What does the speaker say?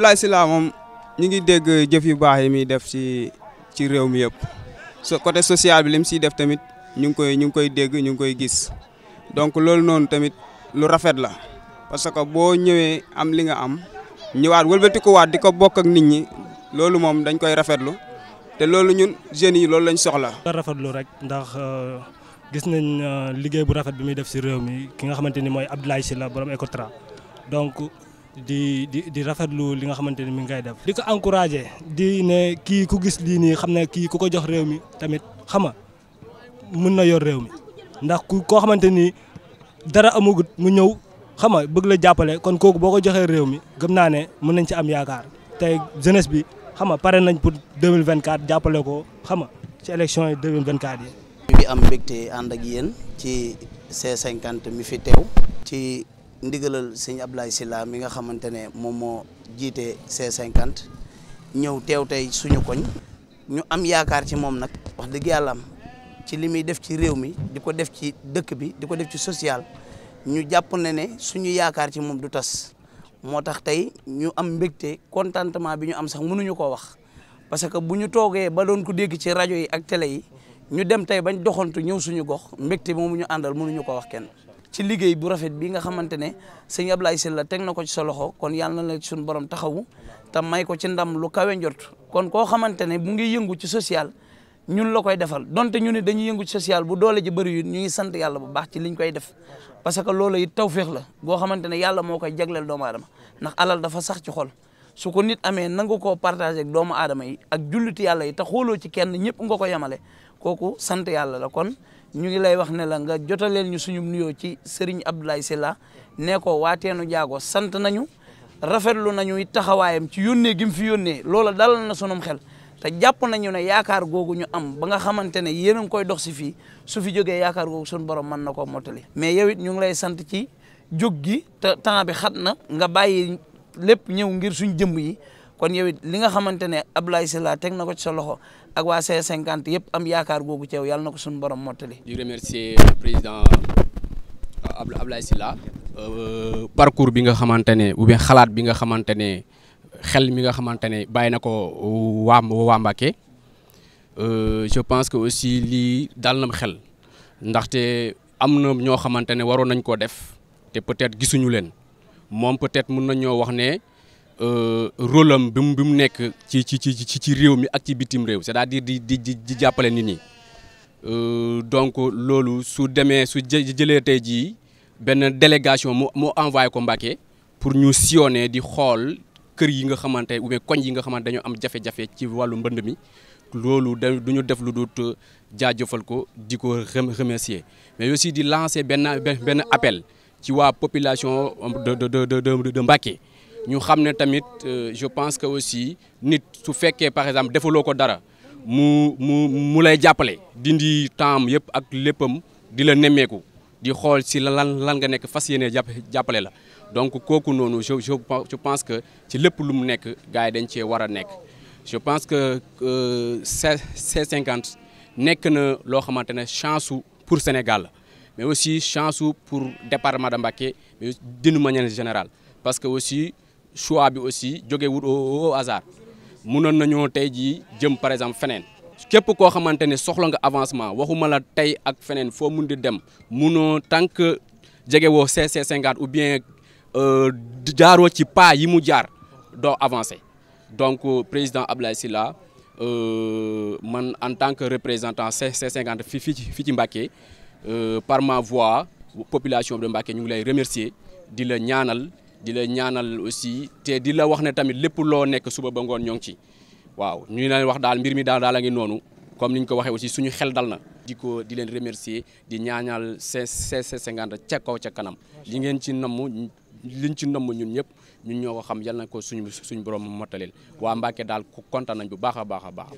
Abdoulaye Sylla moom ñu ngi dégg jëf yu baax yi muy def ci ci réew mi yëpp so côté social bi lim mu siy def tamit ñu ngi koy ñu ngi koy dégg ñu ngi koy gis donc loolu noonu tamit lu rafet la parce que boo ñëwee am li nga am ñëwaat ko waat di ko bokk ak nit ñi loolu moom dañ koy rafetlu te loolu ñun jeunes yi loolu lañ soxla. nga rafetlu rek ndax euh, gis nañ euh, liggéey bu rafet bi muy def si réew mi ki nga xamante ni mooy Abdoulaye Sylla borom Ecotra donc. di di di rafetlu li nga xamante ni mi ngi koy def. di ko encouragé di ne kii ku gis lii nii xam ne kii ku ko jox réew mi tamit xama nga mën na yor réew mi ndax ku koo xamante ni dara amagut mu ñëw xam nga bëgg la jàppale kon kooku boo ko joxee réew mi gëm naa ne mën nañ ci am yaakaar tey jeunesse bi xam nga pare nañ pour 2024 jàppale ko xam nga ci élection yi 2024 yi. ñu ngi am ànd ak yéen ci c cinquante mi fi teew ci. ndigalal sëñ Ablaye Sylla mi nga xamante ne moom moo jiite C50 ñëw teew tey suñu koñ ñu am yaakaar ci moom nag wax dëgg yàlla ci li muy def ci réew mi di ko def ci dëkk bi di ko def ci social ñu jàpp ne ne suñu yaakaar ci moom du tas moo tax tey ñu am mbégte contentement bi ñu am sax mënuñu ko wax parce que bu ñu toogee ba doon ku dégg ci rajo yi ak télé yi ñu dem tey bañ doxantu ñëw suñu gox mbégte moomu ñu àndal mënuñu ko wax kenn ci liggéey bu rafet bi nga xamante ne sëñ Ablaye Sylla teg na ko ci sa loxo kon yàlla na la suñu borom taxawu te may ko ci ndam lu kawe njort kon koo xamante ne mu ngi yëngu ci social ñun la koy defal donte ñu ne dañuy yëngu ci social bu doole ji bëri ñu ngi sant yàlla bu baax ci liñ koy def parce que loolu it tawféex la boo xamante ne yàlla moo koy jagleel doomu aadama ndax alal dafa sax ci xol su ko nit amee nanga koo partagé doomu aadama yi ak julliti yàlla yi te xooloo ci kenn ñëpp nga ko yemale kooku sant yàlla la kon ñu ngi lay wax ne la nga jotaleel ñu suñu nuyoo ci Serigne Abdoulaye Sylla nee ko waa teenu jaago sant nañu rafetlu nañu taxawaayam ci yónnee gi mu fi yónnee loola dalal na sunum xel te jàpp nañu ne yaakaar googu ñu am ba nga xamante ne yéen a ngi koy dox si fii su fi jógee yaakaar googu suñu borom mën na koo mottali mais yow it ñu ngi lay sant ci jóg gi te temps bi xat na nga bàyyi lépp ñëw ngir suñ jëmm yi kon yow it li nga xamante ne Abdoulaye Sylla teg na ko ci sa loxo ak waa C50 yëpp am yaakaar googu ceew yow yàlla na ko suñu borom mottali. di remercier président euh, Abdoulaye Sylla. Euh, parcours bi nga xamante ne ou xalaat bi nga xamante ne xel mi nga xamante ne bàyyi na ko waa waa Mbacké euh, je pense que aussi lii dal na xel ndaxte am na ñoo xamante ne waroon nañ koo def te peut-être gisuñu leen moom peut-être mun nañ ñoo wax ne Euh, rôle am bi mu bi mu nekk ci ci ci ci réew mi ak ci bitim réew c'est-à-dire di di di jàppale nit ñi euh, donc loolu su demee su jëlee tey jii benn délégation mu mu envoyé ko Mbacké pour ñu sillonner di xool kër yi nga xamante ou bien koñ yi nga xamante dañoo am jafe-jafe ci wàllu mbënd mi loolu da du ñu def lu dut jaajëfal ko di ko remercier mais aussi di lancé benn benn appel ci waa population de de de de Mbacké ñu xam ne tamit euh, je pense que aussi nit su fekkee par exemple defaloo ko dara mu mu mu lay jàppale dindi temps yëpp ak léppam di la nemmeeku di xool si lan lan nga nekk fas yéene jàpp jàppale la donc kooku noonu je je pense que ci lépp lu mu nekk gars yi dañ cee war a nekk je pense que euh, C50 nekk na loo xamante ne chance pour Sénégal la mais aussi chance pour département de Mbacké mais d'une manière général parce que aussi choix bi aussi jógewut au hasard munoon nañoo tey jii jëm par exemple feneen képp koo xamante ne soxla nga avancement waxuma la tey ak feneen foo mun di dem munoo tant que jegewoo CC50 ou bien euh, jaaroo ci pas yi mu jaar doo avancer donc euh, président Abdoulaye Sylla euh, man en tant que représentant CC50 fi fi fii ci Mbacké par ma voix population de Mbacké ñu ngi lay remercier di la ñaanal di la ñaanal aussi te di la wax ne tamit lépp loo nekk suba ba ngoon ñoo ngi ci waaw ñu leen wax daal mbir mi daal daal a ngi noonu comme ni ñu ko waxee aussi suñu xel dal na. di ko di leen remercier di ñaanal C50 ca kaw ca kanam li ngeen ci namm liñ ci namm ñun ñëpp ñu ñoo ko xam yal na ko suñu suñu borom mottaleel waa Mbacke daal kontaan nañ bu baax a baax a baax.